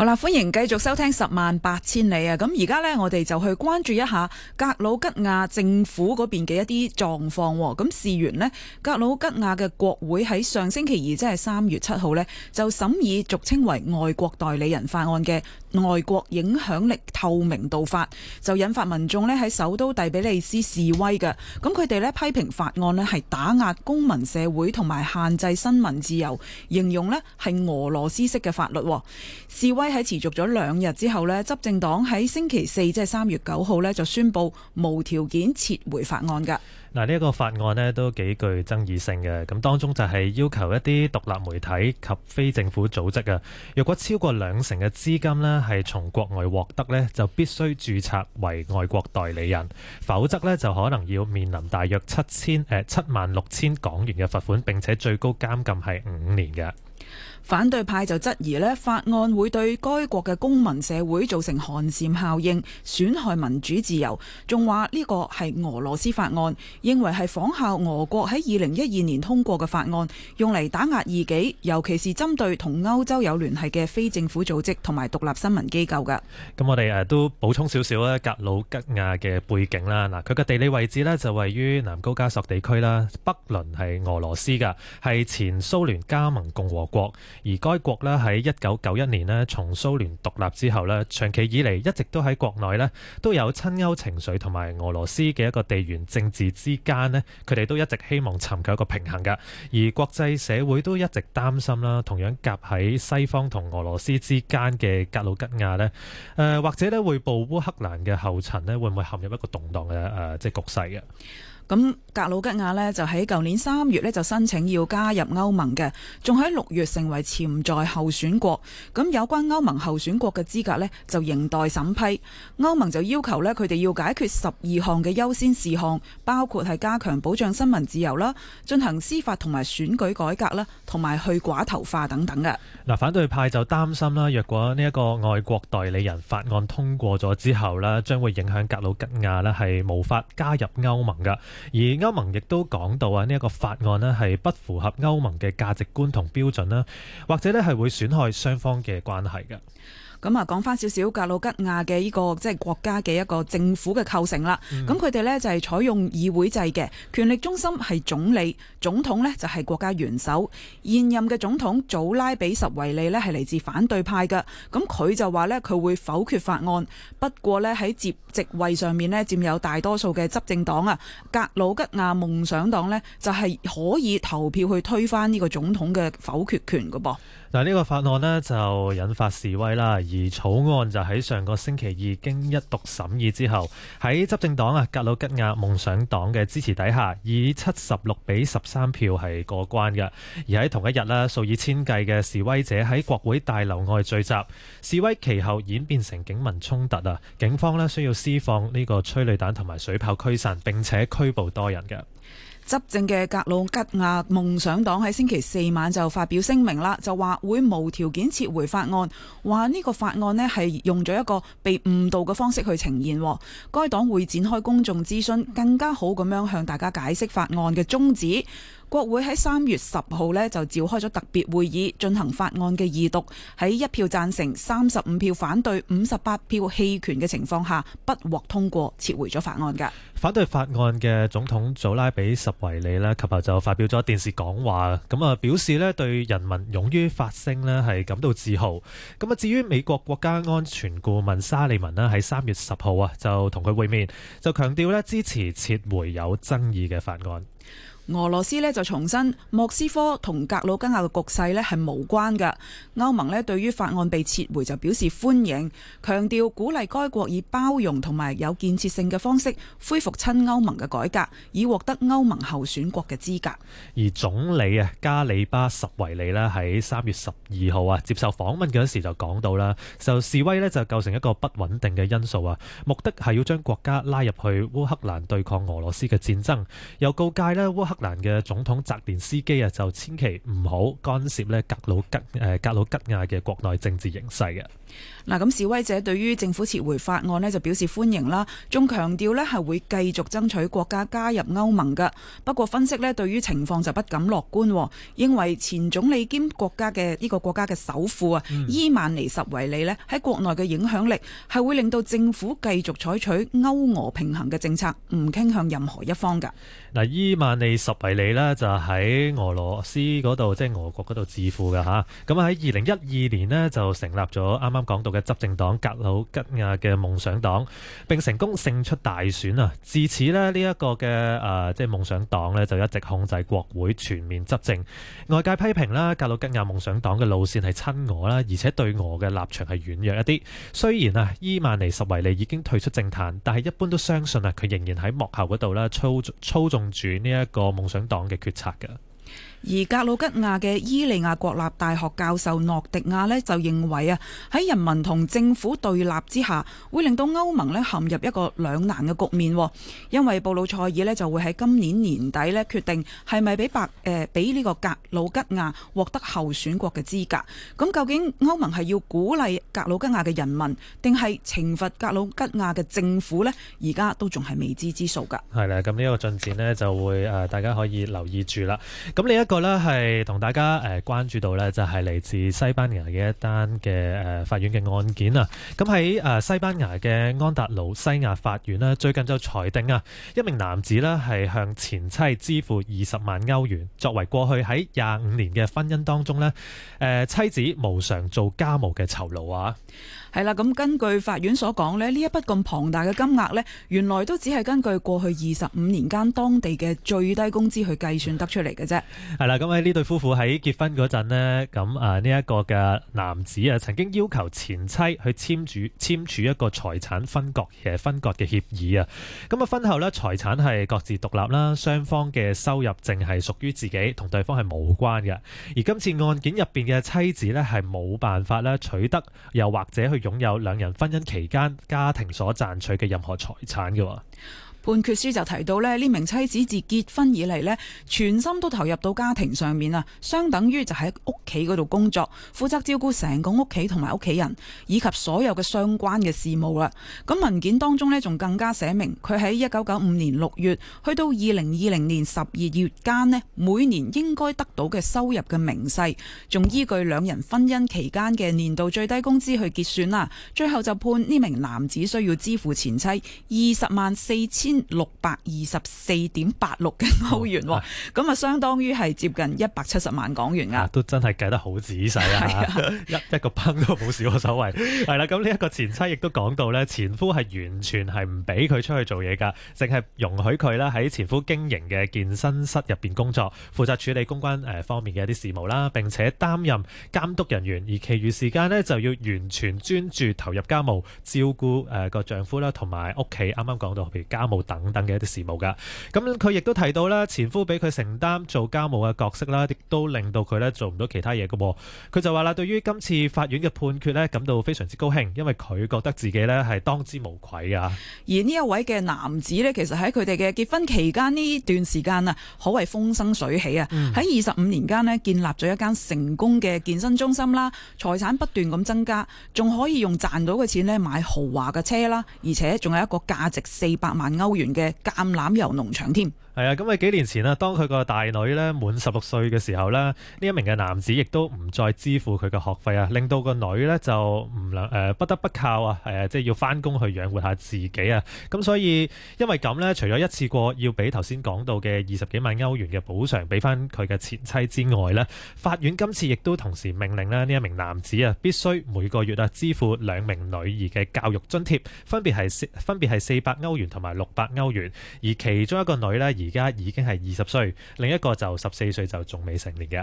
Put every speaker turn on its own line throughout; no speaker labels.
好啦，歡迎繼續收聽《十萬八千里》啊！咁而家呢，我哋就去關注一下格魯吉亞政府嗰邊嘅一啲狀況喎。咁事緣呢，格魯吉亞嘅國會喺上星期二，即係三月七號呢，就審議俗稱為外國代理人法案嘅外國影響力透明度法，就引發民眾呢喺首都第比利斯示威嘅。咁佢哋呢批評法案呢，係打壓公民社會同埋限制新聞自由，形容呢係俄羅斯式嘅法律喎。示威。喺持續咗兩日之後咧，執政黨喺星期四，即係三月九號咧，就宣布無條件撤回法案㗎。嗱，
呢一個法案咧都幾具爭議性嘅。咁當中就係要求一啲獨立媒體及非政府組織啊，若果超過兩成嘅資金咧係從國外獲得呢，就必須註冊為外國代理人，否則呢，就可能要面臨大約七千誒七萬六千港元嘅罰款，並且最高監禁係五年嘅。
反對派就質疑咧，法案會對該國嘅公民社會造成寒蟬效應，損害民主自由。仲話呢個係俄羅斯法案，認為係仿效俄國喺二零一二年通過嘅法案，用嚟打壓異己，尤其是針對同歐洲有聯繫嘅非政府組織同埋獨立新聞機構噶。
咁我哋誒都補充少少咧，格魯吉亞嘅背景啦。嗱，佢嘅地理位置呢，就位於南高加索地區啦，北鄰係俄羅斯噶，係前蘇聯加盟共和國。而該國咧喺一九九一年咧從蘇聯獨立之後咧，長期以嚟一直都喺國內咧都有親歐情緒同埋俄羅斯嘅一個地緣政治之間咧，佢哋都一直希望尋求一個平衡㗎。而國際社會都一直擔心啦，同樣夾喺西方同俄羅斯之間嘅格魯吉亞咧，誒、呃、或者咧會步烏克蘭嘅後塵咧，會唔會陷入一個動盪嘅誒即係局勢嘅？
咁格魯吉亞呢，就喺舊年三月呢，就申請要加入歐盟嘅，仲喺六月成為潛在候選國。咁有關歐盟候選國嘅資格呢，就仍待審批。歐盟就要求呢，佢哋要解決十二項嘅優先事項，包括係加強保障新聞自由啦、進行司法同埋選舉改革啦，同埋去寡頭化等等嘅。
嗱，反對派就擔心啦，若果呢一個外國代理人法案通過咗之後呢，將會影響格魯吉亞呢，係無法加入歐盟㗎。而歐盟亦都講到啊，呢一個法案呢係不符合歐盟嘅價值觀同標準啦，或者咧係會損害雙方嘅關係嘅。
咁啊，講翻少少格魯吉亞嘅呢個即係國家嘅一個政府嘅構成啦。咁佢哋呢，就係採用議會制嘅，權力中心係總理，總統呢，就係國家元首。現任嘅總統祖拉比什維利呢，係嚟自反對派㗎。咁佢就話呢，佢會否決法案。不過呢，喺接席位上面呢，佔有大多數嘅執政黨啊，格魯吉亞夢想黨呢，就係可以投票去推翻呢個總統嘅否決權㗎噃。
嗱，呢個法案呢就引發示威啦，而草案就喺上個星期二經一讀審議之後，喺執政黨啊格魯吉亞夢想黨嘅支持底下，以七十六比十三票係過關嘅。而喺同一日咧，數以千計嘅示威者喺國會大樓外聚集，示威其後演變成警民衝突啊。警方呢需要施放呢個催淚彈同埋水炮驅散，並且拘捕多人嘅。
執政嘅格魯吉亞夢想黨喺星期四晚就發表聲明啦，就話會無條件撤回法案，話呢個法案呢係用咗一個被誤導嘅方式去呈現，該黨會展開公眾諮詢，更加好咁樣向大家解釋法案嘅宗旨。國會喺三月十號呢就召開咗特別會議進行法案嘅二讀，喺一票贊成、三十五票反對、五十八票棄權嘅情況下，不獲通過，撤回咗法案。噶
反對法案嘅總統祖拉比十維利呢，及後就發表咗電視講話，咁啊表示呢對人民勇於發聲呢係感到自豪。咁啊，至於美國國家安全顧問沙利文呢，喺三月十號啊就同佢會面，就強調呢支持撤回有爭議嘅法案。
俄羅斯咧就重申莫斯科同格魯吉亞嘅局勢咧係無關嘅。歐盟咧對於法案被撤回就表示歡迎，強調鼓勵該國以包容同埋有建設性嘅方式恢復親歐盟嘅改革，以獲得歐盟候選國嘅資格。
而總理啊加里巴什維利咧喺三月十二號啊接受訪問嗰時就講到啦，受示威呢就構成一個不穩定嘅因素啊，目的係要將國家拉入去烏克蘭對抗俄羅斯嘅戰爭，又告誡呢，烏克蘭嘅總統澤連斯基啊，就千祈唔好干涉咧格魯吉誒格魯吉亞嘅國內政治形勢嘅。
嗱，咁示威者對於政府撤回法案咧就表示歡迎啦，仲強調咧係會繼續爭取國家加入歐盟嘅。不過分析咧，對於情況就不敢樂觀，認為前總理兼國家嘅呢個國家嘅首富啊伊萬尼什維利咧喺國內嘅影響力係會令到政府繼續採取歐俄平衡嘅政策，唔傾向任何一方嘅。
嗱、嗯，伊萬尼。十維利呢就喺俄羅斯嗰度，即係俄國嗰度致富噶吓。咁喺二零一二年呢，就成立咗啱啱講到嘅執政黨格魯吉亞嘅夢想黨，並成功勝出大選啊！自此呢，呢一個嘅誒即係夢想黨呢，就一直控制國會全面執政。外界批評啦，格魯吉亞夢想黨嘅路線係親俄啦，而且對俄嘅立場係軟弱一啲。雖然啊伊曼尼十維利已經退出政壇，但係一般都相信啊佢仍然喺幕後嗰度啦，操操縱住呢一個夢想黨嘅決策噶。
而格魯吉亞嘅伊利亞國立大學教授諾迪亞呢，就認為啊，喺人民同政府對立之下，會令到歐盟呢陷入一個兩難嘅局面。因為布魯塞爾呢，就會喺今年年底呢決定係咪俾白誒俾呢個格魯吉亞獲得候選國嘅資格。咁究竟歐盟係要鼓勵格魯吉亞嘅人民，定係懲罰格魯吉亞嘅政府呢？而家都仲係未知之數噶。
係啦，咁呢一個進展呢，就會誒大家可以留意住啦。咁呢一個呢，係同大家誒關注到呢，就係嚟自西班牙嘅一單嘅法院嘅案件啊。咁喺西班牙嘅安達魯西亞法院呢，最近就裁定啊，一名男子呢係向前妻支付二十萬歐元，作為過去喺廿五年嘅婚姻當中呢，妻子無償做家務嘅
酬勞啊。係啦，咁根據法院所講咧，呢一筆咁龐大嘅金額咧，原來都只係根據過去二十五年間當地嘅最低工資去計算得出嚟嘅啫。
係啦，咁喺呢對夫婦喺結婚嗰陣咧，咁啊呢一個嘅男子啊曾經要求前妻去簽住簽署一個財產分割嘅分割嘅協議啊。咁啊婚後呢，財產係各自獨立啦，雙方嘅收入淨係屬於自己，同對方係冇關嘅。而今次案件入邊嘅妻子呢，係冇辦法咧取得，又或者去。擁有兩人婚姻期間家庭所賺取嘅任何財產嘅。
判決書就提到咧，呢名妻子自結婚以嚟呢全心都投入到家庭上面啊，相等於就喺屋企嗰度工作，負責照顧成個屋企同埋屋企人，以及所有嘅相關嘅事務啦。咁文件當中呢，仲更加寫明佢喺一九九五年六月去到二零二零年十二月間呢每年應該得到嘅收入嘅明細，仲依據兩人婚姻期間嘅年度最低工資去結算啦。最後就判呢名男子需要支付前妻二十萬四千六百二十四點八六嘅歐元，咁啊，相當於係接近一百七十萬港元啊。都真係計得好仔細啊，啊
一一個崩都冇少個手謂係啦，咁呢一個前妻亦都講到咧，前夫係完全係唔俾佢出去做嘢噶，淨係容許佢啦喺前夫經營嘅健身室入邊工作，負責處理公關誒方面嘅一啲事務啦，并且擔任監督人員，而其餘時間呢，就要完全專注投入家務，照顧誒個丈夫啦，同埋屋企。啱啱講到譬如家務。等等嘅一啲事務噶，咁佢亦都提到啦，前夫俾佢承擔做家務嘅角色啦，亦都令到佢咧，做唔到其他嘢噶。佢就話啦，對於今次法院嘅判決呢，感到非常之高興，因為佢覺得自己呢係當之無愧噶。
而呢一位嘅男子呢，其實喺佢哋嘅結婚期間呢段時間啊，可謂風生水起啊！喺二十五年間呢，建立咗一間成功嘅健身中心啦，財產不斷咁增加，仲可以用賺到嘅錢呢買豪華嘅車啦，而且仲有一個價值四百萬歐。高原嘅橄欖油農場添。
係啊，咁啊幾年前啊，當佢個大女咧滿十六歲嘅時候咧，呢一名嘅男子亦都唔再支付佢嘅學費啊，令到個女咧就唔誒不得不靠啊誒，即係要翻工，去養活下自己啊。咁所以因為咁咧，除咗一次過要俾頭先講到嘅二十幾萬歐元嘅補償俾翻佢嘅前妻之外咧，法院今次亦都同時命令咧呢一名男子啊，必須每個月啊支付兩名女兒嘅教育津貼，分別係四分別係四百歐元同埋六百歐元，而其中一個女咧。而家已經係二十歲，另一個就十四歲就仲未成年嘅。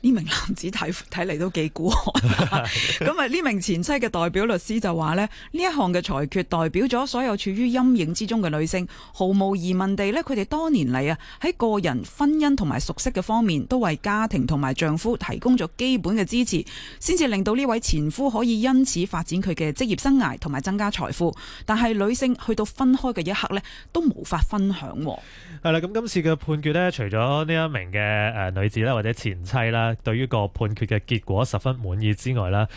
呢名男子睇睇嚟都幾孤寒。咁啊，呢名前妻嘅代表律師就話呢，呢一項嘅裁決代表咗所有處於陰影之中嘅女性，毫無疑問地，呢佢哋多年嚟啊喺個人、婚姻同埋熟悉嘅方面，都為家庭同埋丈夫提供咗基本嘅支持，先至令到呢位前夫可以因此發展佢嘅職業生涯同埋增加財富。但係女性去到分開嘅一刻呢，都無法分享。
係啦，咁今次嘅判決咧，除咗呢一名嘅女子啦或者前妻啦，對於個判決嘅結果十分滿意之外啦，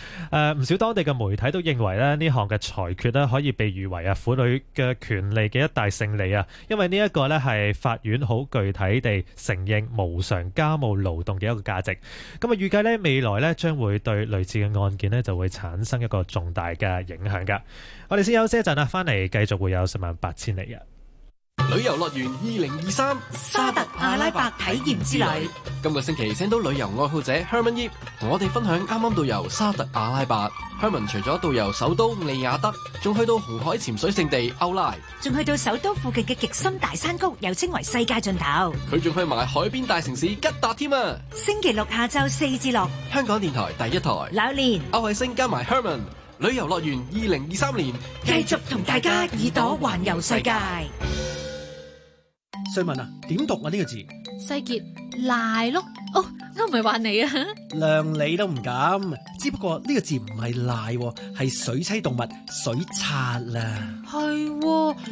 唔少當地嘅媒體都認為咧，呢項嘅裁決咧可以被譽為啊婦女嘅權利嘅一大勝利啊，因為呢一個咧係法院好具體地承認無償家務勞動嘅一個價值。咁啊預計咧未來咧將會對類似嘅案件咧就會產生一個重大嘅影響噶。我哋先休息一陣返翻嚟繼續會有十萬八千里嘅。旅遊樂園二零二三沙特阿拉伯體驗之旅。今個星期請到旅遊愛好者 Herman Yip 同我哋分享啱啱到遊沙
特阿拉伯。Herman 除咗到遊首都利雅得，仲去到紅海潛水勝地歐拉，仲去到首都附近嘅極深大山谷，又稱為世界盡頭。佢仲去埋海邊大城市吉達添啊！星期六下晝四至六，香港電台第一台。柳
蓮歐海星加埋 Herman，旅遊樂園二零二三年，繼續同大家耳朵環遊世界。細問啊，點讀啊呢，這個字？世杰賴咯。蠟蠟哦，我唔係話你啊，量你都唔敢。只不過呢個字唔係賴，係水棲動物水刷賊啦。
係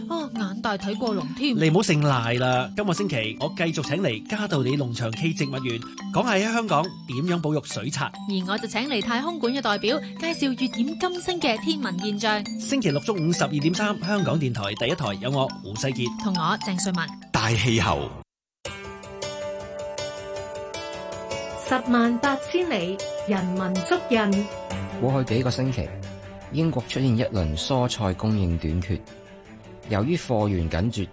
啊，眼大睇過龍添。你
唔好姓賴啦。今個星期我繼續請嚟嘉道理農場暨植物園，講下喺香港點樣保育水賊。
而我就請嚟太空館嘅代表，介紹月掩金星嘅天文現象。
星期六中午十二點三，香港電台第一台有我胡世杰
同我鄭瑞文
大氣候。十萬八千里，人文足印。
過去幾個星期，英國出現一輪蔬菜供應短缺，由於貨源緊絀，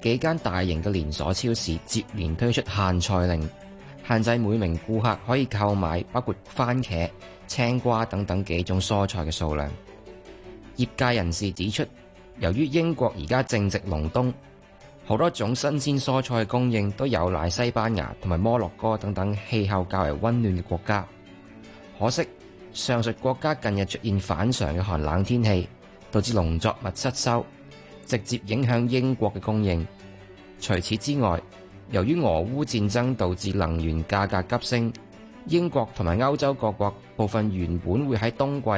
幾間大型嘅連鎖超市接連推出限菜令，限制每名顧客可以購買包括番茄、青瓜等等幾種蔬菜嘅數量。業界人士指出，由於英國而家正值隆冬。好多種新鮮蔬菜供應都有賴西班牙同埋摩洛哥等等氣候較為溫暖嘅國家。可惜上述國家近日出現反常嘅寒冷天氣，導致農作物失收，直接影響英國嘅供應。除此之外，由於俄烏戰爭導致能源價格急升，英國同埋歐洲各國部分原本會喺冬季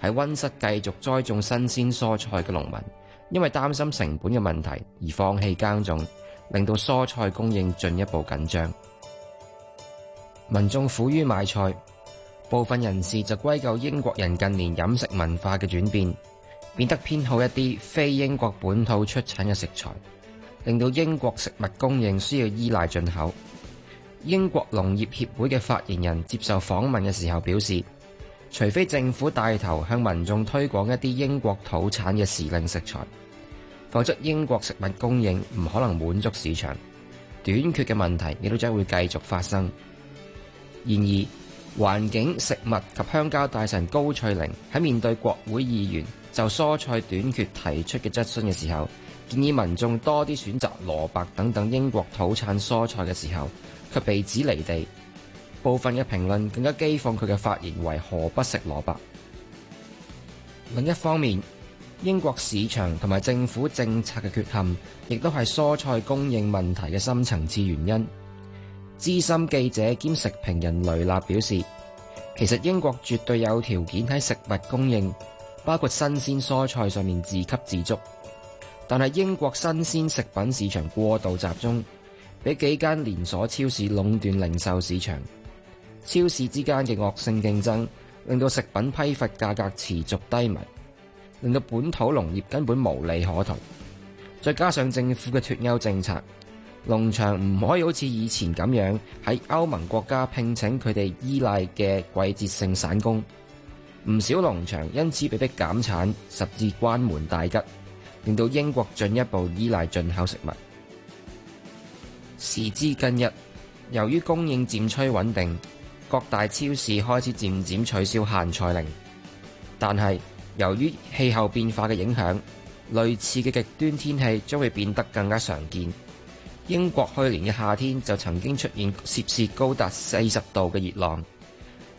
喺溫室繼續栽種新鮮蔬菜嘅農民。因為擔心成本嘅問題而放棄耕種，令到蔬菜供應進一步緊張。民眾苦於買菜，部分人士就歸咎英國人近年飲食文化嘅轉變，變得偏好一啲非英國本土出產嘅食材，令到英國食物供應需要依賴進口。英國農業協會嘅發言人接受訪問嘅時候表示：除非政府帶頭向民眾推廣一啲英國土產嘅時令食材，否則英國食物供應唔可能滿足市場短缺嘅問題，亦都將會繼續發生。然而，環境食物及鄉郊大臣高翠玲喺面對國會議員就蔬菜短缺提出嘅質詢嘅時候，建議民眾多啲選擇蘿蔔等等英國土產蔬菜嘅時候，卻被指離地。部分嘅評論更加譏諷佢嘅發言為何不食蘿蔔。另一方面，英國市場同埋政府政策嘅缺陷，亦都係蔬菜供應問題嘅深層次原因。資深記者兼食評人雷納表示，其實英國絕對有條件喺食物供應，包括新鮮蔬菜上面自給自足，但係英國新鮮食品市場過度集中，俾幾間連鎖超市壟斷零售市場。超市之間嘅惡性競爭，令到食品批發價格持續低迷，令到本土農業根本無利可圖。再加上政府嘅脱歐政策，農場唔可以好似以前咁樣喺歐盟國家聘請佢哋依賴嘅季節性散工。唔少農場因此被迫減產，甚至關門大吉，令到英國進一步依賴進口食物。時至近日，由於供應漸趨穩定。各大超市開始漸漸取消限菜令，但係由於氣候變化嘅影響，類似嘅極端天氣將會變得更加常見。英國去年嘅夏天就曾經出現攝氏高達四十度嘅熱浪，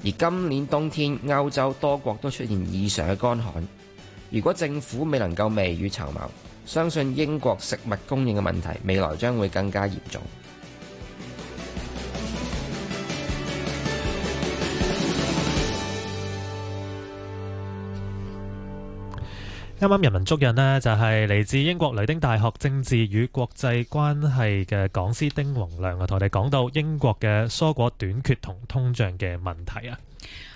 而今年冬天歐洲多國都出現異常嘅乾旱。如果政府未能夠未雨綢繆，相信英國食物供應嘅問題未來將會更加嚴重。
啱啱人文足印呢，就係嚟自英國雷丁大學政治與國際關係嘅講師丁宏亮啊，同我哋講到英國嘅蔬果短缺同通脹嘅問題啊。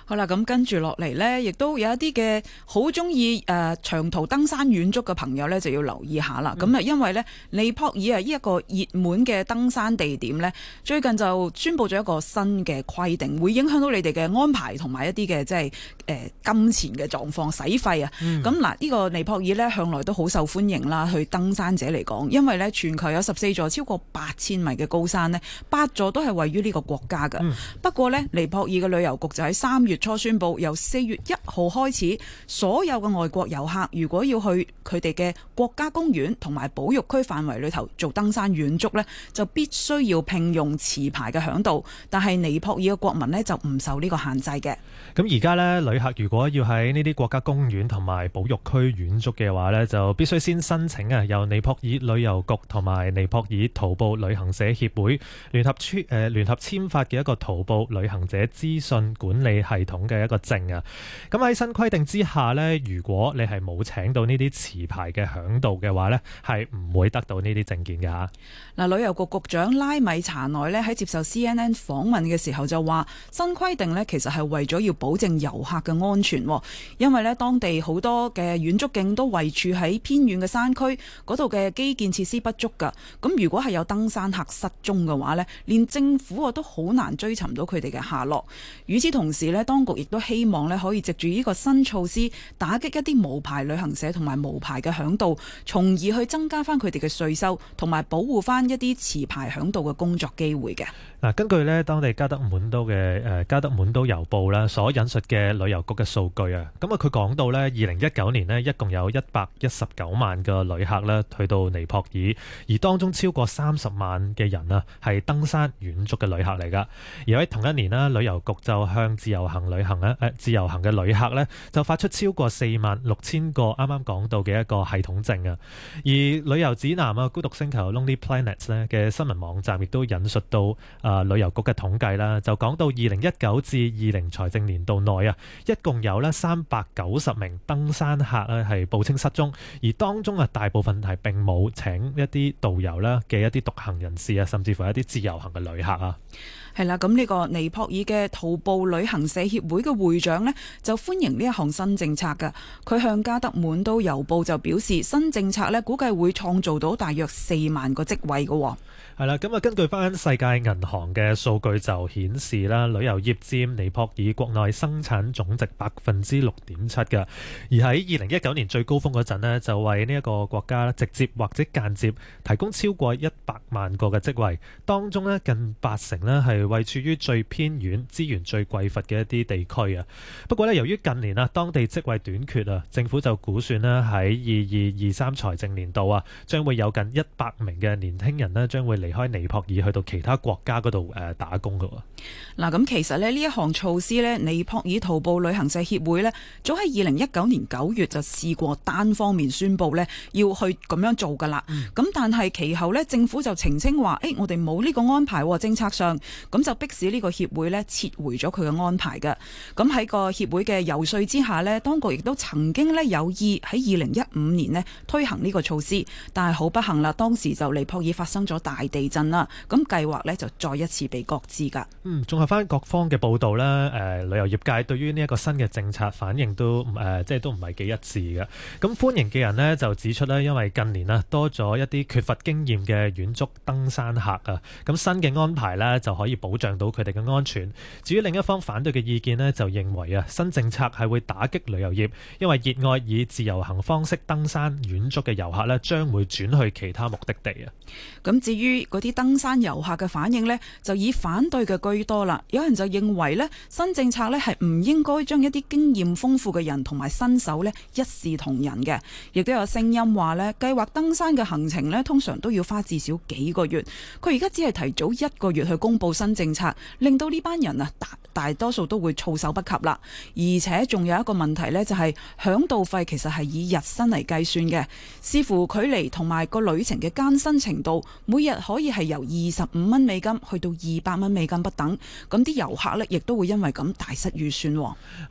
好啦，咁跟住落嚟咧，亦都有一啲嘅好中意誒長途登山遠足嘅朋友咧，就要留意下啦。咁、嗯、啊，因為咧，尼泊爾啊呢一個熱門嘅登山地點咧，最近就宣布咗一個新嘅規定，會影響到你哋嘅安排同埋一啲嘅即係誒金錢嘅狀況使費啊。咁、嗯、嗱，呢、啊這個尼泊爾咧向來都好受歡迎啦，去登山者嚟講，因為咧全球有十四座超過八千米嘅高山咧，八座都係位於呢個國家嘅、嗯。不過咧，尼泊爾嘅旅遊局就喺三月。初宣布由四月一號開始，所有嘅外國遊客如果要去佢哋嘅國家公園同埋保育區範圍裏頭做登山遠足咧，就必須要聘用持牌嘅嚮導，但係尼泊爾嘅國民咧就唔受呢個限制嘅。
咁而家咧，旅客如果要喺呢啲國家公園同埋保育區遠足嘅話咧，就必須先申請啊，由尼泊爾旅遊局同埋尼泊爾徒步旅行社協會聯合簽誒聯合簽、呃、發嘅一個徒步旅行者資訊管理系。.統嘅一個證啊，咁喺新規定之下呢，如果你係冇請到呢啲持牌嘅響導嘅話呢，係唔會得到呢啲證件嘅。
嗱，旅遊局局長拉米查內呢，喺接受 CNN 訪問嘅時候就話：新規定呢，其實係為咗要保證遊客嘅安全，因為呢，當地好多嘅遠足徑都位處喺偏遠嘅山區，嗰度嘅基建設施不足噶。咁如果係有登山客失蹤嘅話呢，連政府啊都好難追尋到佢哋嘅下落。與此同時呢，當當局亦都希望咧，可以藉住呢個新措施，打擊一啲無牌旅行社同埋無牌嘅嚮導，從而去增加翻佢哋嘅稅收，同埋保護翻一啲持牌嚮導嘅工作機會嘅。
嗱，根據咧當地加德滿都嘅誒加德滿都郵報啦所引述嘅旅遊局嘅數據啊，咁啊佢講到咧，二零一九年咧一共有一百一十九萬個旅客咧去到尼泊爾，而當中超過三十萬嘅人啊係登山遠足嘅旅客嚟噶，而喺同一年啦，旅遊局就向自由行旅行咧，誒自由行嘅旅客咧，就發出超過四萬六千個啱啱講到嘅一個系統證啊。而旅遊指南啊，《孤獨星球的 Lonely Planet》咧嘅新聞網站亦都引述到啊旅遊局嘅統計啦，就講到二零一九至二零財政年度內啊，一共有咧三百九十名登山客咧係報稱失蹤，而當中啊大部分係並冇請一啲導遊咧嘅一啲獨行人士啊，甚至乎一啲自由行嘅旅客啊。
係啦，咁呢個尼泊爾嘅徒步旅行社協會嘅會長呢，就歡迎呢一項新政策噶。佢向加德滿都郵報就表示，新政策呢，估計會創造到大約四萬個職位噶喎。
係啦，咁啊，根據翻世界銀行嘅數據就顯示啦，旅遊業佔尼泊爾國內生產總值百分之六點七嘅。而喺二零一九年最高峰嗰陣呢就為呢一個國家直接或者間接提供超過一百萬個嘅職位，當中呢近八成呢係位處於最偏遠、資源最匱乏嘅一啲地區啊。不過呢由於近年啊，當地職位短缺啊，政府就估算啦喺二二二三財政年度啊，將會有近一百名嘅年輕人呢將會嚟離開尼泊爾去到其他國家嗰度誒打工噶喎。
嗱，咁其實呢，呢一項措施呢，尼泊爾徒步旅行社協會呢，早喺二零一九年九月就試過單方面宣布呢，要去咁樣做噶啦。咁、嗯、但係其後呢，政府就澄清話：誒、欸，我哋冇呢個安排、啊、政策上，咁就迫使呢個協會呢撤回咗佢嘅安排㗎。咁喺個協會嘅遊說之下呢，當局亦都曾經呢有意喺二零一五年推行呢個措施，但係好不幸啦，當時就尼泊爾發生咗大地。地震啦，咁計劃呢就再一次被擱置噶。嗯，
綜合翻各方嘅報道咧，誒、呃、旅遊業界對於呢一個新嘅政策反應都誒、呃，即係都唔係幾一致嘅。咁歡迎嘅人呢就指出咧，因為近年啊多咗一啲缺乏經驗嘅遠足登山客啊，咁新嘅安排呢就可以保障到佢哋嘅安全。至於另一方反對嘅意見呢，就認為啊新政策係會打擊旅遊業，因為熱愛以自由行方式登山遠足嘅遊客呢，將會轉去其他目的地
啊。咁、嗯、至於嗰啲登山遊客嘅反應呢，就以反對嘅居多啦。有人就認為呢，新政策呢係唔應該將一啲經驗豐富嘅人同埋新手呢一視同仁嘅。亦都有聲音話呢，計劃登山嘅行程呢通常都要花至少幾個月。佢而家只係提早一個月去公佈新政策，令到呢班人啊大大多數都會措手不及啦。而且仲有一個問題呢，就係嚮導費其實係以日薪嚟計算嘅，視乎距離同埋個旅程嘅艱辛程度，每日可可以係由二十五蚊美金去到二百蚊美金不等，咁啲遊客呢亦都會因為咁大失預算。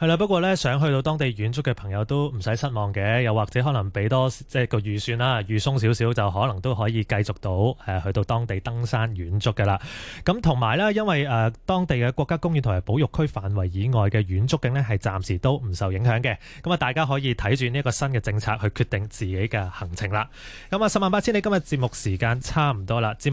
係啦，不過呢，想去到當地遠足嘅朋友都唔使失望嘅，又或者可能俾多即係個預算啦，預鬆少少就可能都可以繼續到誒，去到當地登山遠足嘅啦。咁同埋呢，因為誒當地嘅國家公園同埋保育區範圍以外嘅遠足徑呢，係暫時都唔受影響嘅。咁啊，大家可以睇住呢個新嘅政策去決定自己嘅行程啦。咁啊，十萬八千里，今日節目時間差唔多啦，